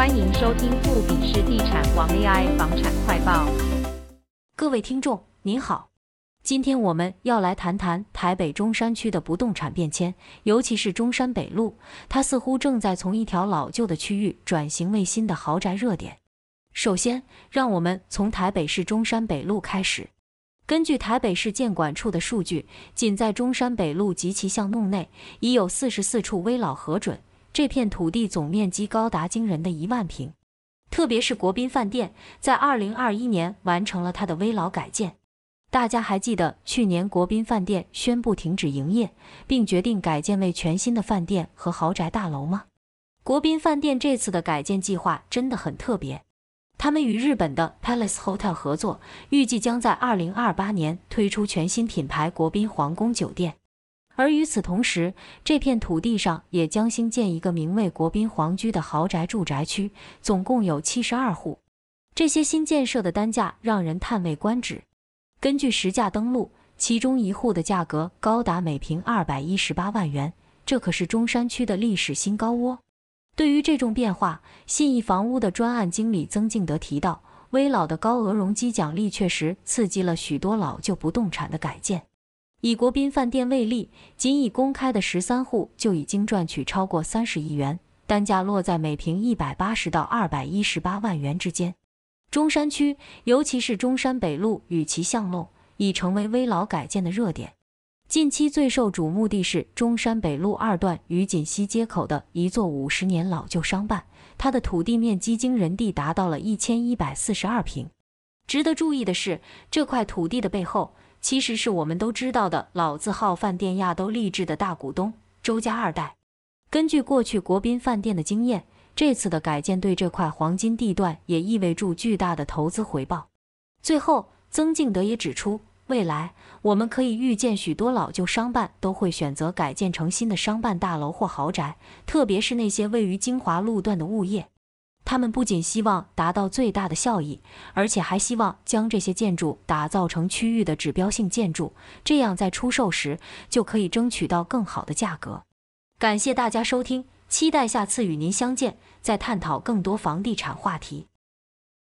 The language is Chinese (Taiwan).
歡迎收聽富比士地產王 AI 房產快報。各位聽眾，您好，今天我們要來談談台北中山區的不動產變遷，尤其是中山北路，它似乎正在從一條老舊的區域轉型為新的豪宅熱點。首先，讓我們從台北市中山北路開始。根據台北市建管處的數據，僅在中山北路及其巷弄內，已有四十四處危老核准。這片土地總面積高達驚人的一萬坪，特別是國賓飯店在二零二一年完成了它的危老改建。大家還記得去年國賓飯店宣布停止營業，並決定改建為全新的飯店和豪宅大樓嗎？國賓飯店這次的改建計劃真的很特別，他們與日本的 Palace Hotel 合作，預計將在二零二八年推出全新品牌——國賓皇宮酒店。而與此同時，這片土地上也將新建一個名為“國賓皇居”的豪宅住宅區，總共有七十二戶。這些新建設的單價讓人嘆為觀止。根據實價登錄，其中一戶的價格高達每平二百一十八萬元，這可是中山區的歷史新高喔。對於這種變化，信義房屋的專案經理曾敬德提到，危老的高額容積獎勵確實刺激了許多老舊不動產的改建。以國賓飯店為例，僅以公開的十三戶就已經賺取超過三十億元，單價落在每平一百八十到二百一十八萬元之間。中山區，尤其是中山北路與其巷弄已成為危老改建的熱點。近期最受矚目的是中山北路二段與錦西街口的一座五十年老舊商辦，它的土地面積驚人地達到了一千一百四十二平。值得注意的是，這塊土地的背後。其實是我們都知道的老字號飯店亞都麗緻的大股東周家二代。根據過去國賓飯店的經驗，這次的改建對這塊黃金地段也意味著巨大的投資回報。最後，曾敬德也指出，未來我們可以預見許多老舊商辦都會選擇改建成新的商辦大樓或豪宅，特別是那些位於精華路段的物業。他們不僅希望達到最大的效益，而且還希望將這些建築打造成區域的指標性建築，這樣在出售時就可以爭取到更好的價格。感謝大家收聽，期待下次與您相見，再探討更多房地產話題。